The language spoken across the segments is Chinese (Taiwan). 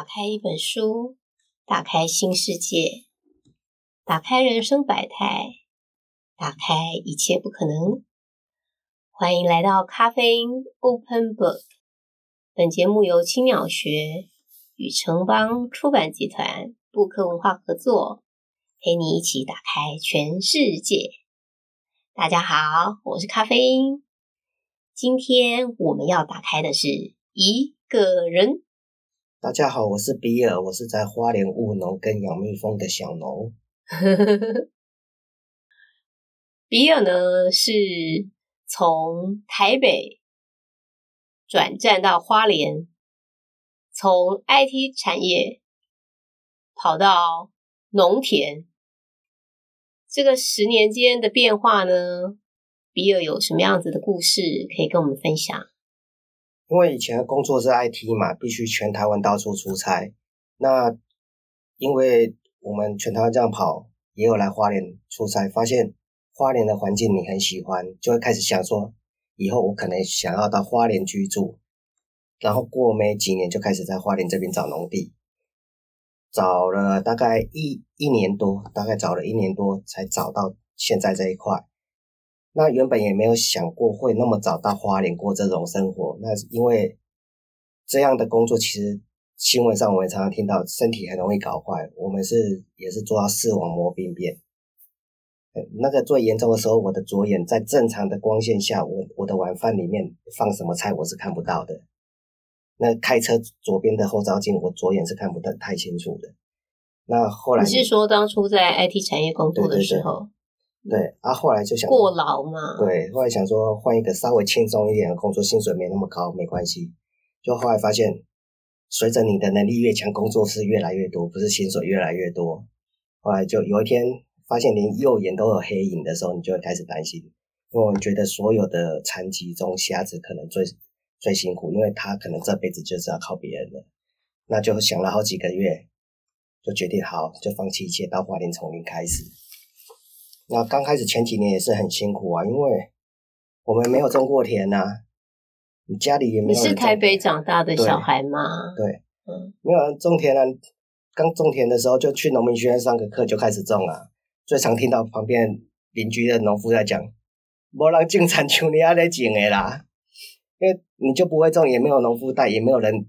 打開一本書，打開新世界，打開人生百態，打開一切不可能。歡迎來到咖啡因 Open Book。本節目由青鳥學與城邦出版集團、布克文化合作，陪你一起打開全世界。大家好，我是咖啡因。今天我們要打開的是一個人。大家好，我是比爾，我是在花蓮務農跟養蜜蜂的小農。 比爾呢，是從台北轉戰到花蓮，從 IT 產業跑到農田。這個十年間的變化呢，比爾有什麼樣子的故事可以跟我們分享？因為以前的工作是 IT 嘛，必須全台灣到處出差。那因為我們全台灣這樣跑，也有來花蓮出差，發現花蓮的環境你很喜歡，就會開始想說，以後我可能想要到花蓮居住。然後過沒幾年就開始在花蓮這邊找農地，找了大概一一年多，大概找了一年多才找到現在這一塊。那原本也沒有想過會那麼早到花蓮過這種生活。那是因為這樣的工作，其實新聞上我們也常常聽到，身體很容易搞壞。我們是也是做到視網膜病變，那個最嚴重的時候，我的左眼在正常的光線下，我我的晚飯裡面放什麼菜我是看不到的。那開車左邊的後照鏡，我左眼是看不到太清楚的。那後來你，你是說當初在 IT 產業工作的時候？對對對對，啊，後來就想過勞嘛。對，後來想說換一個稍微輕鬆一點的工作，薪水沒那麼高，沒關係。就後來發現，隨着你的能力越強，工作是越來越多，不是薪水越來越多。後來就有一天發現連右眼都有黑影的時候，你就會開始擔心，因為我覺得所有的殘疾中瞎子可能最最辛苦，因為他可能這輩子就是要靠別人了。那就想了好幾個月，就決定好就放棄一切，到花蓮從零開始。那、啊、剛開始前幾年也是很辛苦啊，因為我們沒有種過田吶、啊，你家裡也沒有種。你是台北長大的小孩嘛？對，嗯，沒有人種田啊。剛種田的時候就去農民學院上個課就開始種啊。最常聽到旁邊鄰居的農夫在講，無人種田像你阿咧種的啦，因為你就不會種，也沒有農夫帶，也沒有人。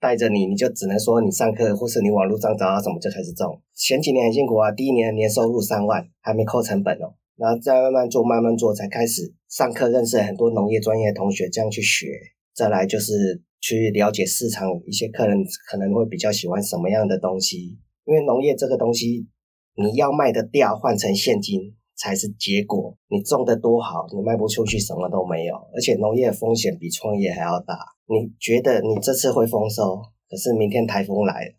帶着你，你就只能說你上課，或是你網絡上找到什麼就開始種。前幾年很辛苦啊，第一年年收入三萬，還沒扣成本哦。然後再慢慢做，慢慢做，才開始上課，認識很多農業專業的同學，這樣去學。再來就是去了解市場，一些客人可能會比較喜歡什麼樣的東西。因為農業這個東西，你要賣得掉，換成現金。才是結果。你種的多好，你賣不出去，什麼都沒有。而且農業風險比創業還要大。你覺得你這次會豐收，可是明天台風來了，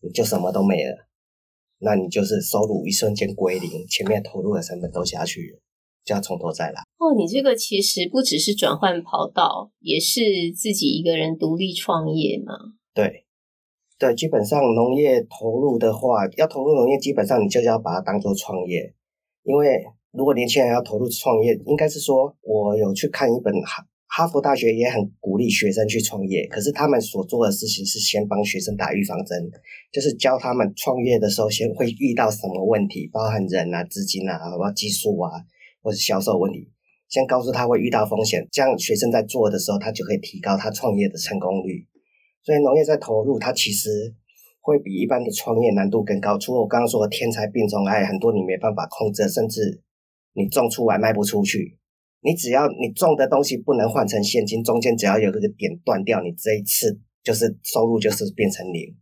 你就什麼都沒了。那你就是收入一瞬間歸零，前面投入的成本都下去了，就要從頭再來。哦，你這個其實不只是轉換跑道，也是自己一個人獨立創業嗎？對，對，基本上農業投入的話，要投入農業，基本上你就要把它當做創業。因為如果年輕人要投入創業，應該是說我有去看一本哈哈佛大學也很鼓勵學生去創業，可是他們所做的事情是先幫學生打預防針，就是教他們創業的時候先會遇到什麼問題，包含人啊、資金啊、技術啊，或是銷售問題，先告訴他會遇到風險，這樣學生在做的時候他就可以提高他創業的成功率。所以農業在投入，它其實。會比一般的創業難度更高，除了我剛剛說的天災病蟲害，還很多你沒辦法控制，甚至你種出來賣不出去。你只要你種的東西不能換成現金，中間只要有這個點斷掉，你這一次就是收入就是變成零，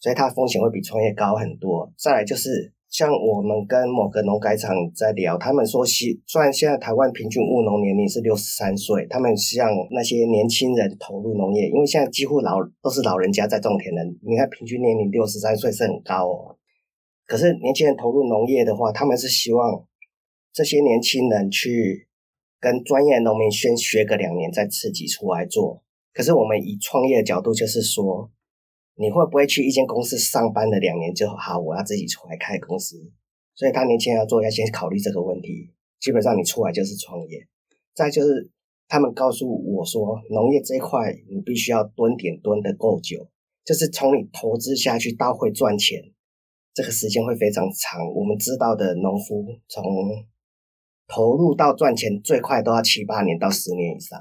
所以它的風險會比創業高很多。再來就是。像我們跟某個農改場在聊，他們說，現雖然現在台灣平均務農年齡是六十三歲，他們希望那些年輕人投入農業，因為現在幾乎老都是老人家在種田的，你看平均年齡六十三歲是很高哦。可是年輕人投入農業的話，他們是希望這些年輕人去跟專業的農民先學個兩年，再自己出來做。可是我們以創業的角度就是說。你會不會去一間公司上班的兩年就好？我要自己出來開公司，所以他年輕要做，要先考慮這個問題。基本上你出來就是創業，再就是他們告訴我說，農業這一塊你必須要蹲點蹲得夠久，就是從你投資下去到會賺錢，這個時間會非常長。我們知道的農夫從投入到賺錢最快都要七八年到十年以上。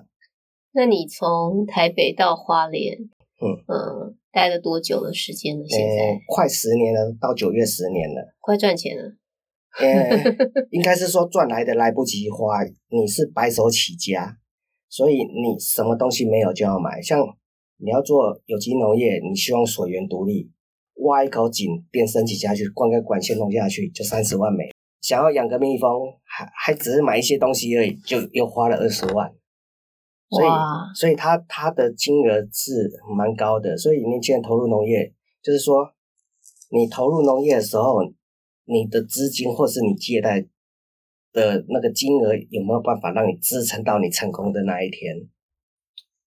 那你從台北到花蓮，嗯嗯。待了多久的時間了？現在、欸、快十年了，到九月十年了。快賺錢了，欸、 應該是說賺來的來不及花。你是白手起家，所以你什麼東西沒有就要買。像你要做有機農業，你希望水源獨立，挖一口井，變身起下去，灌溉管線弄下去，就三十萬美。想要養個蜜蜂，還還只是買一些東西而已，就又花了二十萬。所以哇，所以他他的金額是蠻高的。所以你既然投入農業，就是說，你投入農業的時候，你的資金或是你借貸的那個金額，有沒有辦法讓你支撐到你成功的那一天？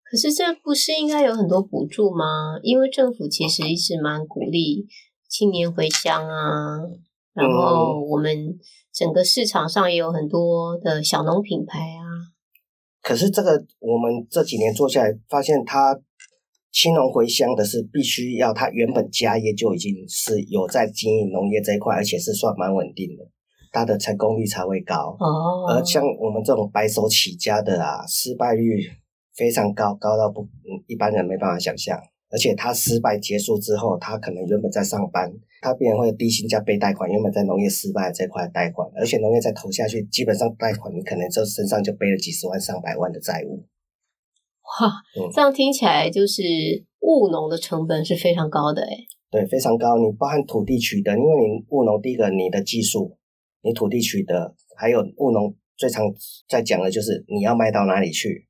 可是這不是應該有很多補助嗎？因為政府其實一直蠻鼓勵青年回鄉啊。然後我們整個市場上也有很多的小農品牌啊。可是這個，我們這幾年做下來，發現他青農回鄉的是必須要他原本家業就已經是有在經營農業這一塊，而且是算蠻穩定的，他的成功率才會高。哦，哦。而像我們這種白手起家的啊，失敗率非常高，高到不，一般人沒辦法想象而且他失敗結束之後，他可能原本在上班，他必然會低薪加倍貸款。原本在農業失敗這塊貸款，而且農業再投下去，基本上貸款你可能就身上就背了幾十萬、上百萬的債務。哇、嗯，這樣聽起來就是務農的成本是非常高的誒，對，非常高。你包含土地取得，因為你務農第一個，你的技術，你土地取得，還有務農最常在講的就是你要賣到哪裡去。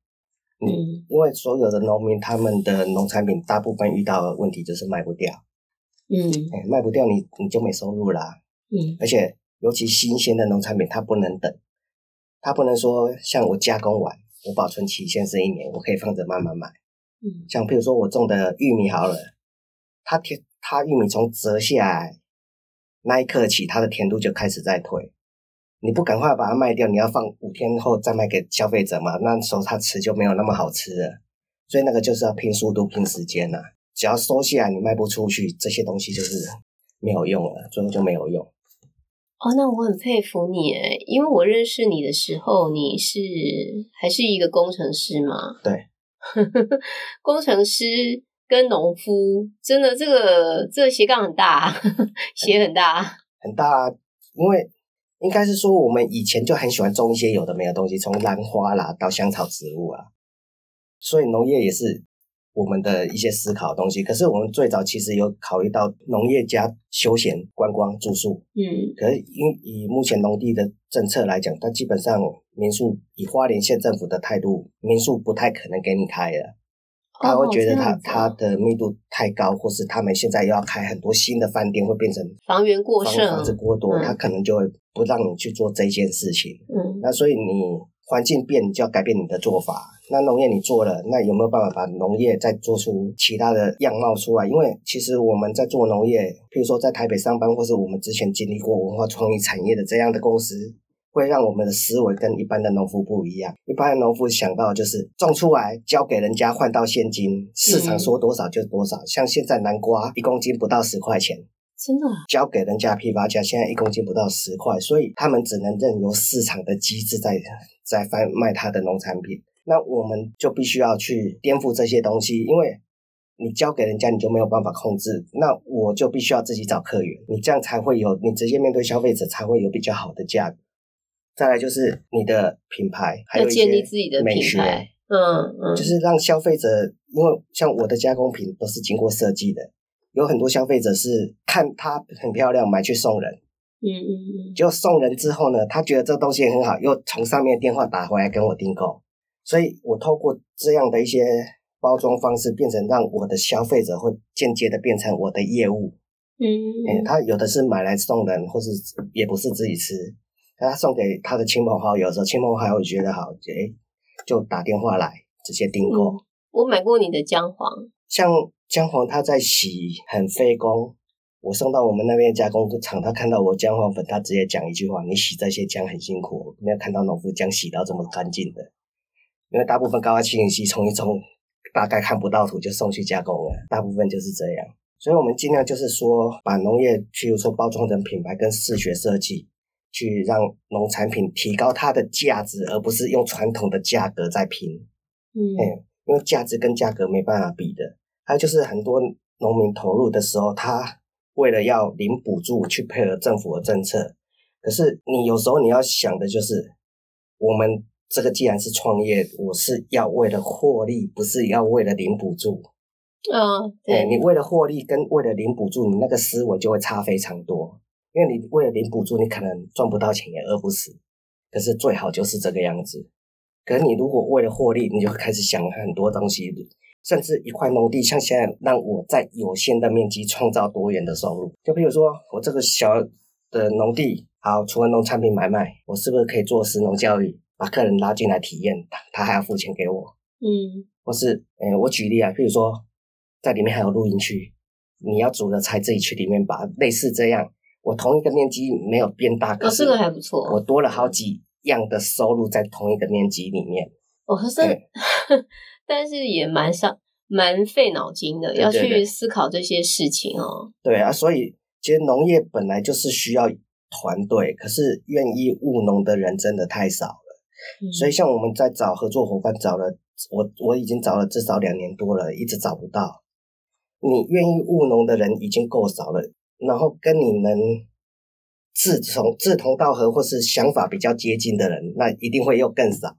嗯，因為所有的農民他們的農產品大部分遇到的問題就是賣不掉，嗯，欸、賣不掉你你就沒收入啦，嗯，而且尤其新鮮的農產品它不能等，它不能說像我加工完，我保存期限是一年，我可以放着慢慢賣，嗯，像比如說我種的玉米好了，它甜，它玉米從折下來那一刻起，它的甜度就開始在退。你不趕快把它賣掉，你要放五天後再賣給消費者嘛？那時候他吃就沒有那麼好吃了。所以那個就是要拼速度、拼時間吶、啊。只要收下來你賣不出去，這些東西就是沒有用了，最後就沒有用。哦，那我很佩服你誒，因為我認識你的時候，你是還是一個工程師嘛？對， 工程師跟農夫，真的這個這個斜槓很大，斜很大很大，很很大啊，因為。應該是說，我們以前就很喜歡種一些有的沒有東西，從蘭花啦到香草植物啊，所以農業也是我們的一些思考的東西。可是我們最早其實有考慮到農業加休閒觀光住宿，嗯，可是因以目前農地的政策來講，它基本上民宿以花蓮縣政府的態度，民宿不太可能給你開了。他會覺得他、哦、他的密度太高，或是他們現在又要開很多新的飯店，會變成房源過剩，房、房子過多，嗯，他可能就會不讓你去做這件事情。嗯，那所以你環境變，你就要改變你的做法。那農業你做了，那有沒有辦法把農業再做出其他的樣貌出來？因為其實我們在做農業，譬如說在台北上班，或是我們之前經歷過文化創意產業的這樣的公司。會讓我們的思維跟一般的農夫不一樣。一般的農夫想到就是種出來交給人家換到現金，市場說多少就多少。像現在南瓜一公斤不到十塊錢，真的交給人家批發價現在一公斤不到十塊，所以他們只能任由市場的機制在在販賣他的農產品。那我們就必須要去顛覆這些東西，因為你交給人家你就沒有辦法控制。那我就必須要自己找客源，你這樣才會有，你直接面對消費者才會有比較好的價格。再來就是你的品牌，還有建立自己的品牌，嗯嗯，就是讓消費者，因為像我的加工品都是經過設計的，有很多消費者是看它很漂亮買去送人，嗯嗯嗯，就送人之後呢，他覺得這東西很好，又從上面電話打回來跟我訂購，所以我透過這樣的一些包裝方式，變成讓我的消費者會間接的變成我的業務，嗯、嗯、欸，他有的是買來送人，或是也不是自己吃。他送給他的親朋好友的時候，親朋好友覺得好，誒，欸，就打電話來直接訂購，嗯。我買過你的薑黃，像薑黃，它在洗很費工。我送到我們那邊加工廠，他看到我薑黃粉，他直接講一句話：“你洗這些薑很辛苦，沒有看到農夫薑洗到這麼乾淨的。”因為大部分高壓清洗機沖一沖，大概看不到土就送去加工了。大部分就是這樣，所以我們盡量就是說，把農業譬如說包裝成品牌跟視覺設計。去讓農產品提高它的價值，而不是用傳統的價格在拼。嗯、欸，因為價值跟價格沒辦法比的。還有就是很多農民投入的時候，他為了要領補助去配合政府的政策。可是你有時候你要想的就是，我們這個既然是創業，我是要為了獲利，不是要為了領補助。啊、哦，對、欸，你為了獲利跟為了領補助，你那個思維就會差非常多。因為你為了領補助，你可能賺不到錢也餓不死，可是最好就是這個樣子。可是你如果為了獲利，你就會開始想很多東西，甚至一塊農地，像現在讓我在有限的面積創造多元的收入，就比如說我這個小的農地，好，除了農產品買賣，我是不是可以做食農教育，把客人拉進來體驗，他，他還要付錢給我，嗯，或是誒，我舉例啊，比如說在裡面還有露營區，你要煮的菜自己去裡面拔，類似這樣。我同一個面積沒有變大，我這個還不錯。我多了好幾樣的收入在同一個面積裡面。我、哦、是、嗯，但是也蠻傷、蠻費腦筋的，對對對，要去思考這些事情哦。對啊，所以其實農業本來就是需要團隊，可是願意務農的人真的太少了。嗯、所以像我們在找合作夥伴，找了，我，我已經找了至少兩年多了，一直找不到。你願意務農的人已經夠少了。然後跟你們志從志同道合，或是想法比較接近的人，那一定會又更少，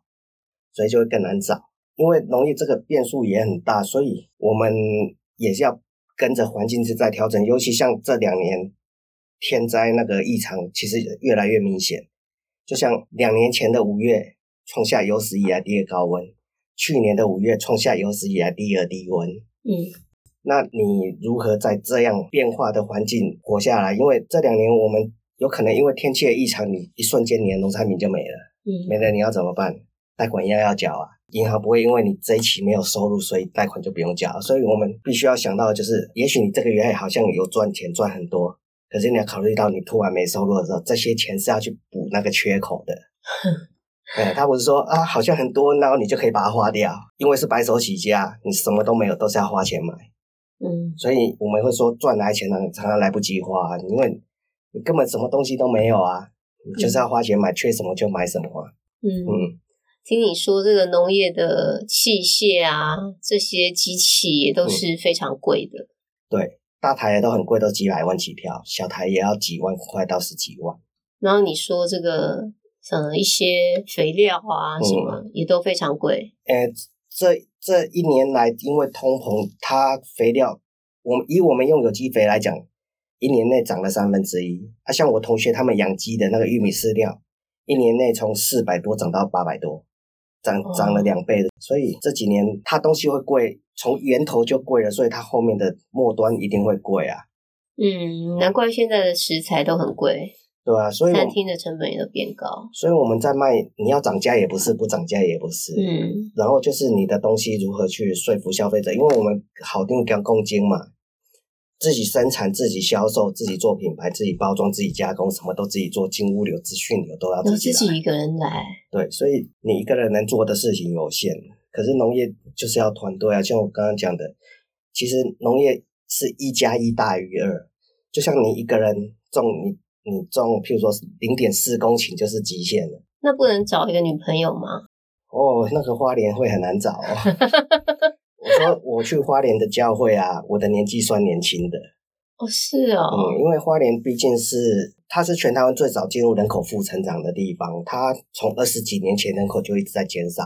所以就會更難找。因為農業這個變數也很大，所以我們也是要跟着環境是在調整。尤其像這兩年天災那個異常，其實越來越明顯。就像兩年前的五月，創下有史以來第二高溫；去年的五月，創下有史以來第二低溫。嗯。那你如何在這樣變化的環境活下來？因為這兩年我們有可能因為天氣的異常，你一瞬間你的農產品就沒了、嗯，沒了你要怎麼辦？貸款一樣要交啊！銀行不會因為你這一期沒有收入，所以貸款就不用交。所以我們必須要想到，就是也許你這個月好像有賺錢，賺很多，可是你要考慮到你突然沒收入的時候，這些錢是要去補那個缺口的。哎、嗯，他不是說啊，好像很多，然後你就可以把它花掉，因為是白手起家，你什麼都沒有，都是要花錢買。嗯，所以我們會說賺來錢呢，常常來不及花，啊，因為你根本什麼東西都沒有啊，嗯、你就是要花錢買，缺什麼就買什麼。啊。嗯嗯，聽你說這個農業的器械啊，啊這些機器也都是非常貴的，嗯。對，大台都很貴，都幾百萬起跳，小台也要幾萬塊到十幾萬。然後你說這個，嗯，一些肥料啊什麼，嗯，也都非常貴。欸這這一年來，因為通膨，它肥料，我以我們用有機肥來講，一年內漲了三分之一。啊，像我同學他們養雞的那個玉米飼料，一年內從四百多漲到八百多，漲漲了兩倍，哦。所以這幾年它東西會貴，從源頭就貴了，所以它後面的末端一定會貴啊。嗯，難怪現在的食材都很貴。對啊，所以餐廳的成本也都變高，所以我們在賣，你要漲價也不是，不漲價也不是。嗯，然後就是你的東西如何去說服消費者？因為我們好定干公斤嘛，自己生產、自己銷售、自己做品牌、自己包裝、自己加工，什麼都自己做，進物流、資訊流都要自己，自己一個人來。對，所以你一個人能做的事情有限，可是農業就是要團隊啊。像我剛剛講的，其實農業是一加一大於二，就像你一個人種你。你、嗯、中譬如說零點四公頃就是極限了。那不能找一個女朋友嗎？哦、oh,，那個花蓮會很難找、哦。 我說我去花蓮的教會啊，我的年紀算年輕的。哦、oh,，是哦。嗯，因為花蓮畢竟是，它是全台灣最早進入人口負成長的地方。它從二十幾年前人口就一直在減少，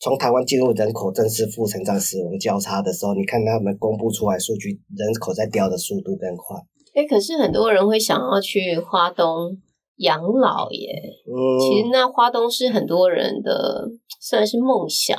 從台灣進入人口正式負成長、死亡交叉的時候，你看他們公布出來數據，人口在掉的速度更快。誒，可是很多人會想要去花東養老耶，嗯。其實那花東是很多人的算是夢想。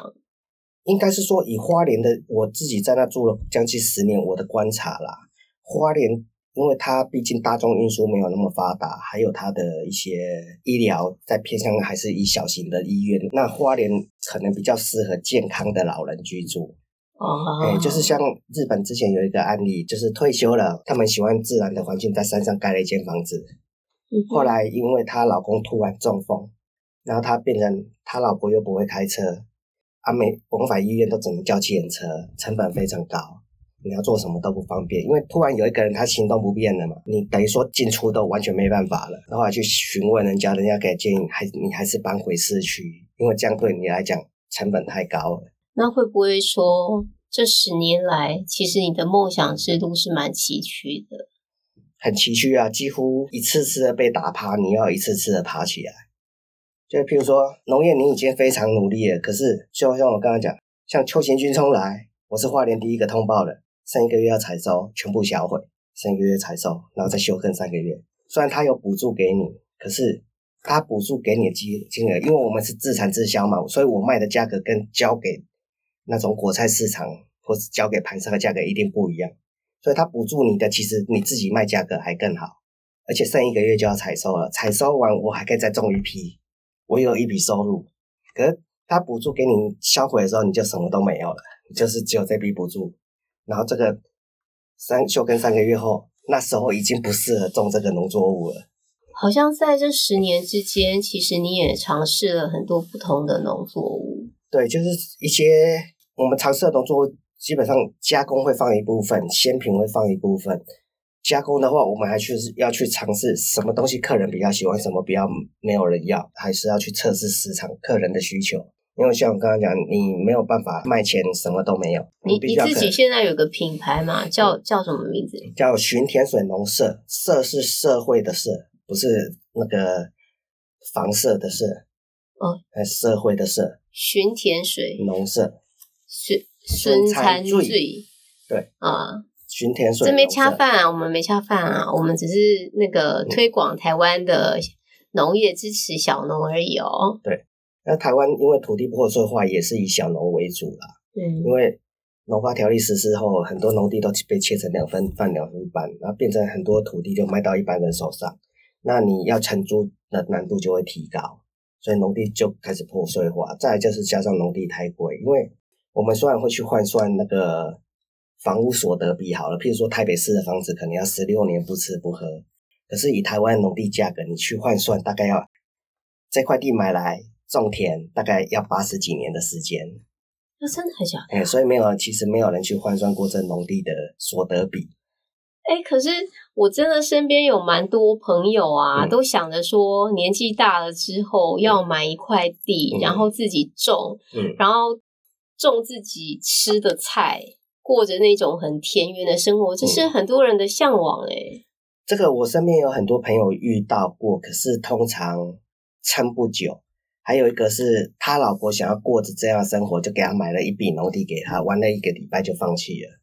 應該是說，以花蓮的，我自己在那住了將近十年，我的觀察啦，花蓮，因為它畢竟大眾運輸沒有那麼發達，還有它的一些醫療在偏向還是以小型的醫院，那花蓮可能比較適合健康的老人居住。哦、oh, 欸，就是像日本之前有一個案例，就是退休了，他們喜歡自然的環境，在山上蓋了一間房子。後來，因為她老公突然中風，然後她變成她老婆又不會開車，啊每，每往返醫院都只能叫救援車，成本非常高。你要做什麼都不方便，因為突然有一個人他行動不便了嘛，你等於說，進出都完全沒辦法了。然後還去詢問人家，人家給建議還你還是搬回市區，因為這樣對你來講成本太高了。那會不會說，這十年來，其實你的夢想制度是蠻崎嶇的，很崎嶇啊！幾乎一次次的被打趴，你要一次次的爬起來。就譬如說，農業，你已經非常努力了，可是就像我剛剛講，像秋行軍蟲來，我是花蓮第一個通報的，上一個月要採收，全部銷毀，上一個月採收，然後再休耕三個月。雖然他有補助給你，可是他補助給你的金金額，因為我們是自產自銷嘛，所以我賣的價格跟交給那種果菜市場或是交給盤商的價格一定不一樣，所以它補助你的，其實你自己賣價格還更好。而且剩一個月就要採收了，採收完我還可以再種一批，我有一筆收入。可是它補助給你銷毀的時候，你就什麼都沒有了，就是只有這筆補助。然後這個三休耕三個月後，那時候已經不適合種這個農作物了。好像在這十年之間，其實你也嘗試了很多不同的農作物。對，就是一些。我們嘗試的動作基本上，加工會放一部分，鮮品會放一部分。加工的話，我們還去要去嘗試什麼東西，客人比較喜歡什麼，比較沒有人要，還是要去測試市場客人的需求。因為像我剛才講，你沒有辦法賣錢，什麼都沒有。你比較你，你自己現在有個品牌嘛，叫、嗯、叫什麼名字？叫巡田水農社，社是社會的社，不是那個房舍的舍。哦，還是社會的社。巡田水農社。巡孫餐，餐醉，對啊，巡田水。這沒恰飯啊，我們沒恰飯啊，我們只是那個推廣台灣的農業，支持小農而已哦。對，那台灣因為土地破碎化，也是以小農為主啦。嗯，因為農發條例實施後，很多農地都被切成兩分、放兩分半，然後變成很多土地就賣到一般人手上，那你要承租的難度就會提高，所以農地就開始破碎化。再來就是加上農地太貴，因為我們雖然會去換算那個房屋所得比好了，譬如說台北市的房子，可能要十六年不吃不喝，可是以台灣農地價格，你去換算，大概要這塊地買來種田，大概要八十幾年的時間。那、啊、真的很小哎、啊欸，所以沒有，其實沒有人去換算過這農地的所得比。欸、可是我真的身邊有蠻多朋友啊、嗯，都想着說年紀大了之後要買一塊地，嗯、然後自己種，嗯、然後。種自己吃的菜，過着那種很田園的生活，這是很多人的向往、欸。誒、嗯。這個我身邊有很多朋友遇到過，可是通常撐不久。還有一個是他老婆想要過着這樣的生活，就給他買了一筆農地給他，玩了一個禮拜就放棄了，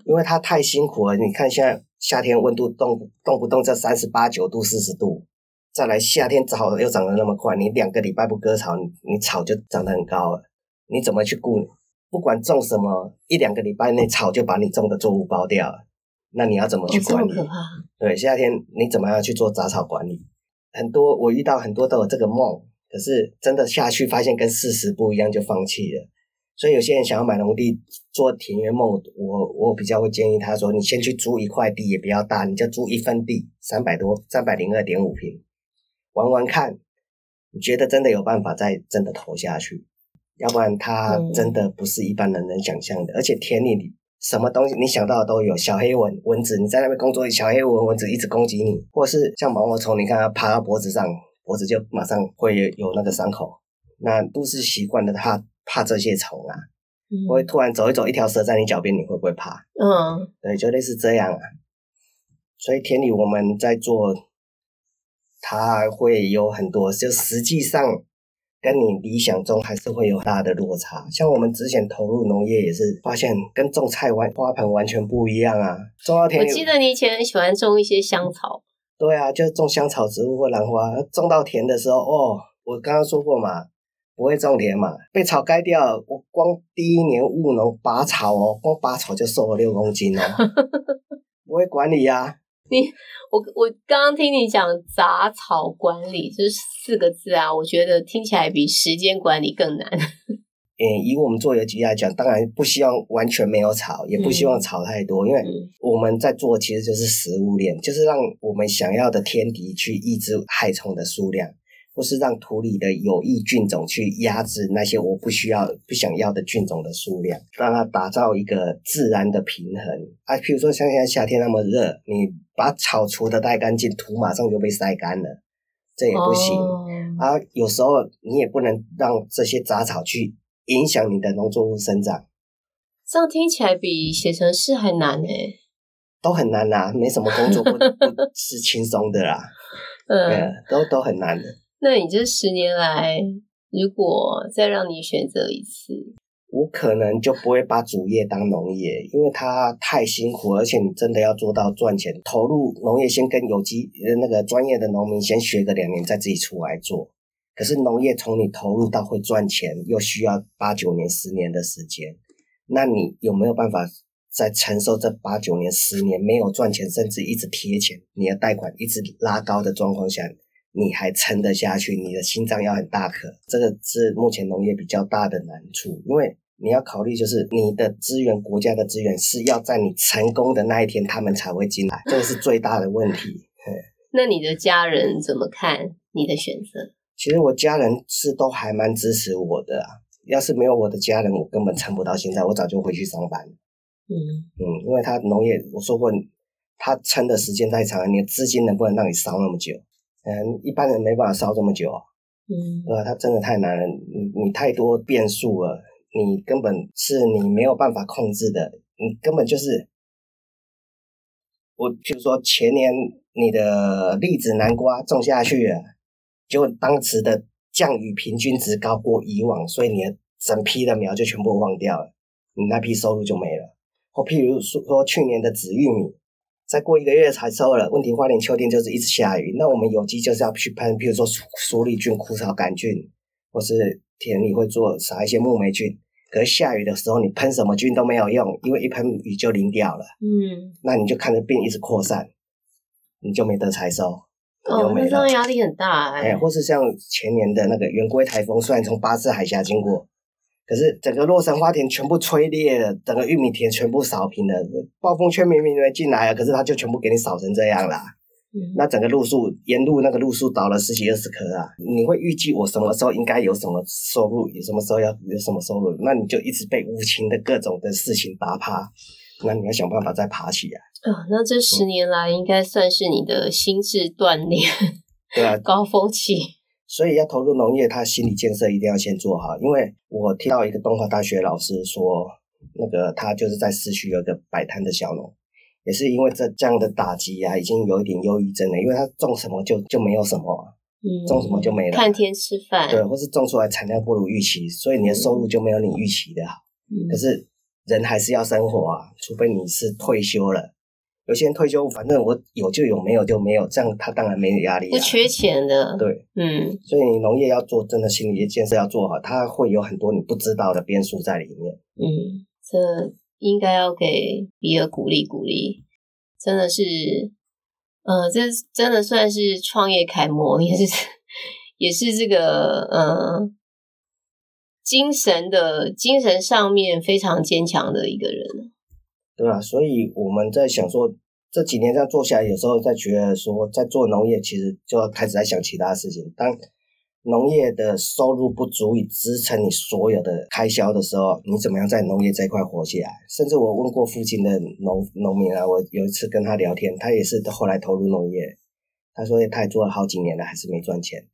因為他太辛苦了。你看現在夏天溫度動動不動就三十八九度、四十度，再來夏天草又長得那麼快，你兩個禮拜不割草，你,你草就長得很高了。你怎麼去顧？不管種什麼，一兩個禮拜內草就把你種的作物包掉了。那你要怎麼去管理？這麼可怕！對，夏天你怎麼樣去做雜草管理？很多我遇到很多都有這個夢，可是真的下去發現跟事實不一樣，就放棄了。所以有些人想要買農地做田園夢，我我比較會建議他說：你先去租一塊地，也比較大，你就租一分地，三百多，三百零二點五平，玩玩看，你覺得真的有辦法再真的投下去？要不然，他真的不是一般人能想象的，嗯。而且田裡什麼東西你想到的都有，小黑蚊蚊子，你在那邊工作，小黑蚊蚊子一直攻擊你，或是像毛毛蟲，你看它爬到脖子上，脖子就馬上會有那個傷口。那都是習慣的他，他怕這些蟲啊。嗯，會突然走一走，一條蛇在你腳邊，你會不會怕？嗯，對，就類似這樣啊。所以田裡我們在做，他會有很多，就實際上。跟你理想中還是會有很大的落差，像我們之前投入農業也是發現跟種菜完花盆完全不一樣啊。種到田裡，我記得你以前很喜歡種一些香草。對啊，就種香草植物或蘭花。種到田的時候，哦，我剛剛說過嘛，不會種田嘛，被草蓋掉了。我光第一年務農拔草哦，光拔草就瘦了六公斤哦，啊。 不會管理呀，啊。你我我剛剛聽你講雜草管理這、就是、四個字啊，我覺得聽起來比時間管理更難。嗯，以我們做有機來講，當然不希望完全沒有草，也不希望草太多，因為我們在做其實就是食物鏈，就是讓我們想要的天敵去抑制害蟲的數量。不是讓土裡的有益菌種去壓制那些我不需要、不想要的菌種的數量，讓它打造一個自然的平衡啊。譬如說像現在夏天那麼熱，你把草除的太乾淨，土馬上就被曬乾了，這也不行、oh. 啊。有時候你也不能讓這些雜草去影響你的農作物生長。這樣聽起來比寫成詩還難呢？、欸嗯，都很難啊。沒什麼工作不 不，不，是輕鬆的啦、啊 嗯嗯，都都很難的。那你這十年來，如果再讓你選擇一次，我可能就不會把主業當農業，因為它太辛苦，而且你真的要做到賺錢，投入農業先跟有機那個專業的農民先學個兩年，再自己出來做。可是農業從你投入到會賺錢，又需要八九年、十年的時間。那你有沒有辦法再承受這八九年、十年沒有賺錢，甚至一直貼錢，你的貸款一直拉高的狀況下？你還撐得下去？你的心臟要很大顆，這個是目前農業比較大的難處，因為你要考慮，就是你的資源，國家的資源是要在你成功的那一天他們才會進來。啊，這個是最大的問題。那你的家人怎麼看你的選擇？其實我家人是都還蠻支持我的啊，要是沒有我的家人，我根本撐不到現在，我早就回去上班了。嗯嗯，因為他農業我說過，他撐的時間太長了，你的資金能不能讓你燒那麼久？嗯，一般人沒辦法燒這麼久，嗯，對、啊、吧？它真的太難了，你你太多變數了，你根本是你沒有辦法控制的，你根本就是，我就是說前年你的栗子南瓜種下去了，結就當時的降雨平均值高過以往，所以你的整批的苗就全部忘掉了，你那批收入就沒了。或譬如說去年的紫玉米。再過一個月才收了。問題花蓮秋天就是一直下雨。那我們有機就是要去噴，譬如說，蘇蘇力菌、枯草桿菌，或是田裡會做撒一些木黴菌。可是下雨的時候你噴什麼菌都沒有用，因為一噴雨就淋掉了。嗯，那你就看着病一直擴散，你就沒得採收，採收的壓力很大。欸、哎、欸，或是像前年的那個圓規颱風，雖然從巴士海峽經過。可是整個洛神花田，全部吹裂了，整個玉米田全部掃平了。暴風圈明明沒進來啊，可是它就全部給你掃成這樣了。嗯、那整個路樹沿路那個路樹倒了十幾二十棵啊。你會預計我什麼時候應該有什麼收入？有什麼時候要有什麼收入？那你就一直被無情的各種的事情打趴，那你要想辦法再爬起來。哦，那這十年來應該算是你的心智鍛鍊、嗯對啊、高峰期。所以要投入農業，他心理建設一定要先做好。因為我聽到一個東華大學老師說，那個他就是在市區有一個擺攤的小農，也是因為這這樣的打擊呀，啊，已經有一點憂鬱症了。因為他種什麼就就沒有什麼，嗯，種什麼就沒了，看天吃飯。對，或是種出來產量不如預期，所以你的收入就沒有你預期的好，嗯。可是人還是要生活啊，除非你是退休了。有些人退休，反正我有就有，沒有就沒有，這樣他當然沒有壓力啊，不缺錢的。對，嗯，所以你農業要做，真的心理建設要做好，他會有很多你不知道的變數在裡面。嗯，這應該要給比爾鼓勵鼓勵，真的是，呃，這真的算是創業楷模，也是，也是這個，呃，精神的精神上面非常堅強的一個人。對吧、啊？所以我們在想說，這幾年這樣做下來，有時候在覺得說，在做農業其實就要開始在想其他事情。當農業的收入不足以支撐你所有的開銷的時候，你怎麼樣在農業這一塊活下來？甚至我問過附近的農農民啊，我有一次跟他聊天，他也是後來投入農業，他說他也做了好幾年了，還是沒賺錢，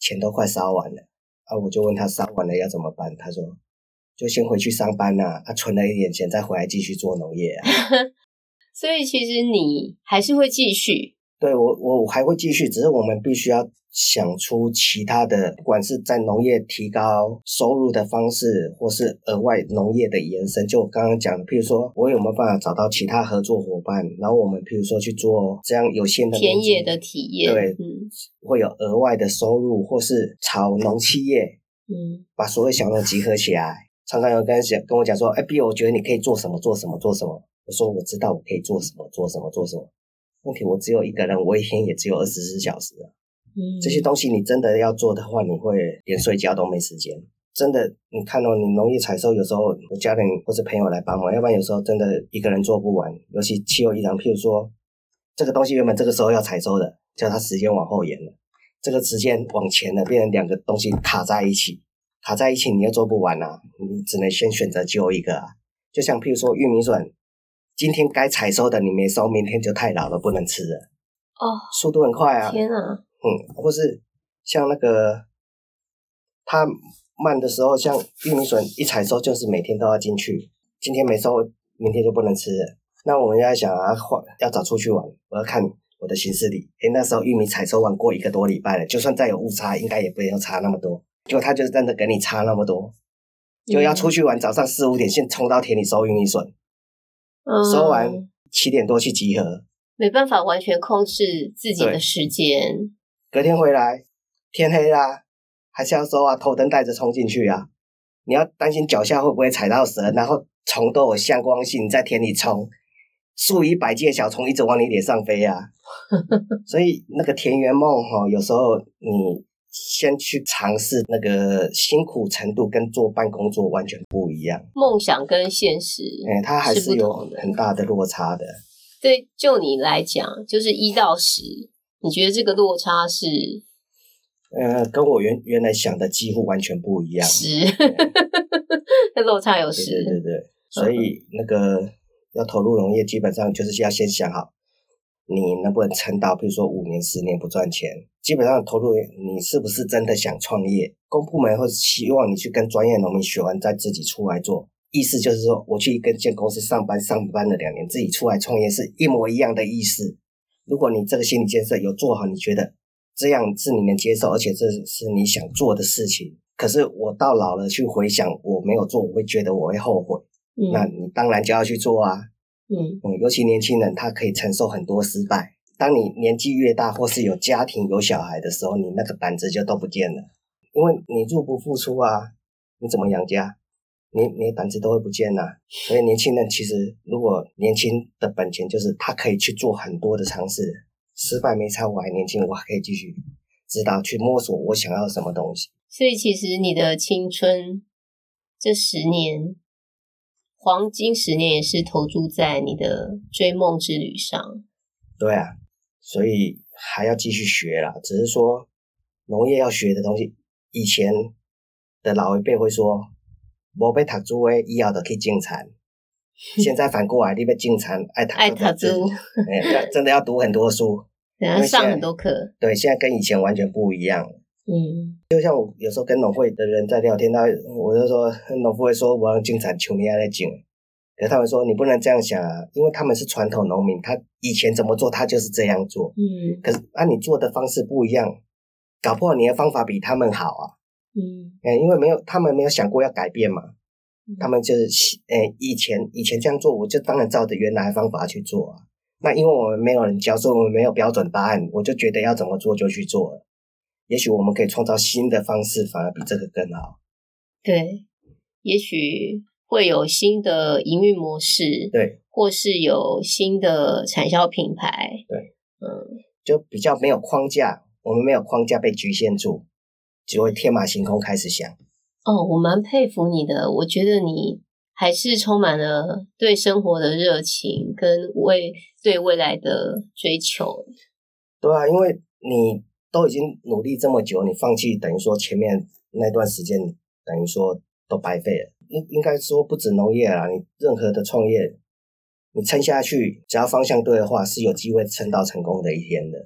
錢都快燒完了。啊，我就問他燒完了要怎麼辦？他說。就先回去上班吶、啊，啊，存了一點錢，再回來繼續做農業啊。 所以其實你還是會繼續。對，我，我還會繼續，只是我們必須要想出其他的，不管是在農業提高收入的方式，或是額外農業的延伸。就我剛剛講的，譬如說，我有沒有辦法找到其他合作夥伴？然後我們譬如說去做這樣有限的田野的體驗，對、嗯，會有額外的收入，或是炒農企業，嗯，把所有小農集合起來。常常有跟跟我講說，哎、欸、，Bill，我覺得你可以做什麼做什麼做什麼。我說我知道我可以做什麼做什麼做什麼。問題我只有一個人，我一天也只有二十四小時啊。嗯，這些東西你真的要做的話，你會連睡覺都沒時間。真的，你看到、哦、你農業採收有時候我家人或是朋友來幫忙，要不然有時候真的一個人做不完。尤其氣候異常，譬如說這個東西原本這個時候要採收的，叫它時間往後延了，這個時間往前了，變成兩個東西卡在一起。卡在一起，你又做不完啦、啊，你只能先選擇揪一個、啊。就像譬如說玉米筍，今天該採收的你沒收，明天就太老了不能吃了。哦，速度很快啊！天啊，嗯，或是像那個，它慢的時候，像玉米筍一採收就是每天都要進去，今天沒收，明天就不能吃了。那我們要想啊，要早出去玩，我要看我的行事曆。欸，那時候玉米採收完過一個多禮拜了，就算再有誤差，應該也不要差那麼多。就他就真的跟你差那麼多，嗯、就要出去玩，早上四五點先衝到田裡收玉米筍，收完七點多去集合，沒辦法完全控制自己的時間。隔天回來，天黑啦，還是要收啊，頭燈帶着衝進去啊，你要擔心腳下會不會踩到蛇，然後蟲都有向光性，在田裡衝，數以百計的小蟲一直往你臉上飛啊， 所以那個田園夢哈，有時候你。先去嘗試那個辛苦程度跟做辦公室工作完全不一樣，夢想跟現實、嗯，哎，它還是有很大的落差的。的對，就你來講，就是一到十，你覺得這個落差是？呃，跟我原原來想的幾乎完全不一樣，十，那、嗯、 落差有十，對對對,對、嗯，所以那個要投入農業，基本上就是要先想好。你能不能撐到？比如說五年、十年不賺錢，基本上投入，你是不是真的想創業？公部門會希望你去跟專業農民學完，再自己出來做。意思就是說，我去跟一間公司上班，上班了兩年，自己出來創業是一模一樣的意思。如果你這個心理建設有做好，你覺得這樣是你能接受，而且這是你想做的事情。可是我到老了去回想，我沒有做，我會覺得我會後悔。嗯、那你當然就要去做啊。嗯嗯，尤其年輕人，他可以承受很多失敗。當你年紀越大，或是有家庭、有小孩的時候，你那個膽子就都不見了，因為你入不敷出啊，你怎麼養家？你你膽子都會不見吶啊。所以年輕人其實，如果年輕的本錢就是他可以去做很多的嘗試，失敗沒差，我還年輕，我還可以繼續知道去摸索我想要什麼東西。所以其實你的青春這十年。黃金十年也是投注在你的追夢之旅上。對啊，所以還要繼續學啦。只是說農業要學的東西，以前的老一輩會說，冇被塔豬為醫藥的，可以進廠。現在反過來，你被進廠愛塔愛塔豬， 討厭 真的要讀很多書，然後上很多課。對，現在跟以前完全不一樣。嗯，就像我有時候跟農會的人在聊天，他，我就說農夫會說，我讓進產求你阿來進，可是他們說你不能這樣想啊，因為他們是傳統農民，他以前怎麼做，他就是這樣做。嗯，可是那、啊、你做的方式不一樣，搞不好你的方法比他們好啊。嗯、欸、因為沒有他們沒有想過要改變嘛，他們就是哎、欸、以前以前這樣做，我就當然照着原來的方法去做啊。那因為我們沒有人教，所以我們沒有標準答案，我就覺得要怎麼做就去做了。也許我們可以創造新的方式，反而比這個更好。對，也許會有新的營運模式，對，或是有新的產銷品牌。對，嗯，就比較沒有框架，我們沒有框架被局限住，只會天馬行空開始想。哦，我蠻佩服你的，我覺得你還是充滿了對生活的熱情跟未對未來的追求。對啊，因為你。都已經努力這麼久，你放棄等於說前面那段時間等於說都白費了。應應該說不止農業啊，你任何的創業，你撐下去，只要方向對的話，是有機會撐到成功的一天的。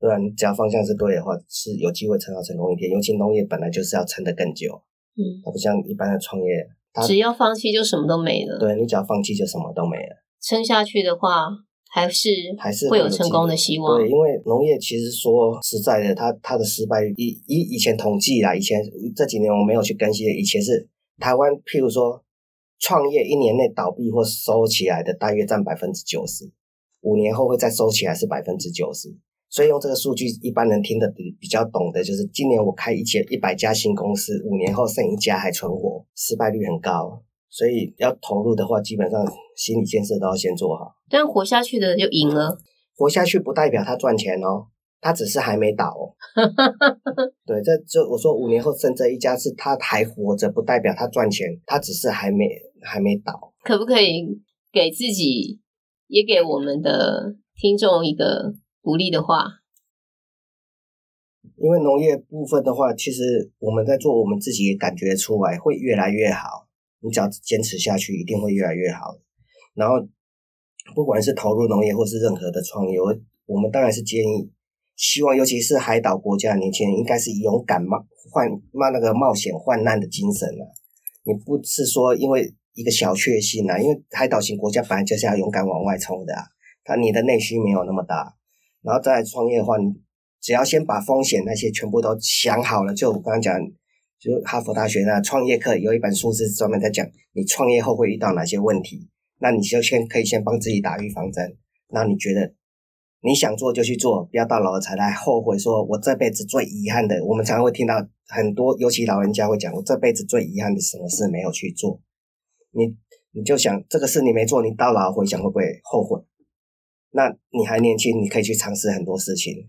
對啊，你只要方向是對的話，是有機會撐到成功一天。尤其農業本來就是要撐得更久，嗯，它不像一般的創業，它只要放棄就什麼都沒了。對，你只要放棄就什麼都沒了。撐下去的話。還是還是會有成功的希望。對，因為農業其實說實在的，它它的失敗率以以以前統計啊，以前這幾年我沒有去更新的。以前是台灣，譬如說創業一年內倒閉或收起來的，大約占百分之九十。五年後會再收起來是百分之九十。所以用這個數據，一般人聽得比,比較懂的就是，今年我開一千一百家新公司，五年後剩一家還存活，失敗率很高。所以要投入的話，基本上心理建設都要先做好。但活下去的就贏了。活下去不代表他賺錢哦，他只是還沒倒。 對，這就我說，五年後剩這一家，是他還活着，不代表他賺錢，他只是還沒還沒倒。可不可以給自己，也給我們的聽眾一個鼓勵的話？因為農業部分的話，其實我們在做，我們自己感覺出來會越來越好。你只要堅持下去，一定會越來越好。然後，不管是投入農業，或是任何的創業，我我們當然是建議，希望尤其是海島國家的年輕人，應該是勇敢冒冒那個冒險患難的精神啊！你不是說因為一個小確幸啊，因為海島型國家本來就是要勇敢往外衝的啊。但你的內需沒有那麼大，然後再創業的話，你只要先把風險那些全部都想好了，就我剛剛講。就哈佛大學那創業課有一本書是專門在講你創業後會遇到哪些問題。那你就先可以先幫自己打預防針。那你覺得你想做就去做，不要到老了才來後悔，說我這輩子最遺憾的，我們常會聽到很多，尤其老人家會講我這輩子最遺憾的什麼事沒有去做。你你就想這個事你沒做，你到老了回想會不會後悔？那你還年輕，你可以去嘗試很多事情。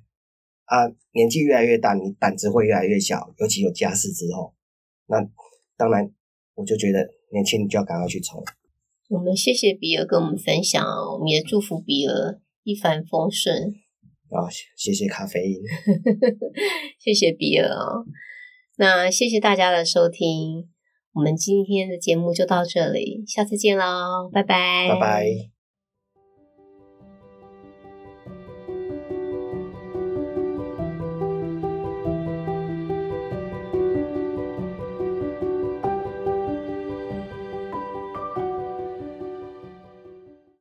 啊，年紀越來越大，你膽子會越來越小，尤其有家室之後，那當然，我就覺得年輕，你就要趕快去衝。我們謝謝比爾跟我們分享。哦，我們也祝福比爾一帆風順。啊，謝謝咖啡因， 謝謝比爾。哦，那謝謝大家的收聽，我們今天的節目就到這裡，下次見嘍，拜拜，拜拜。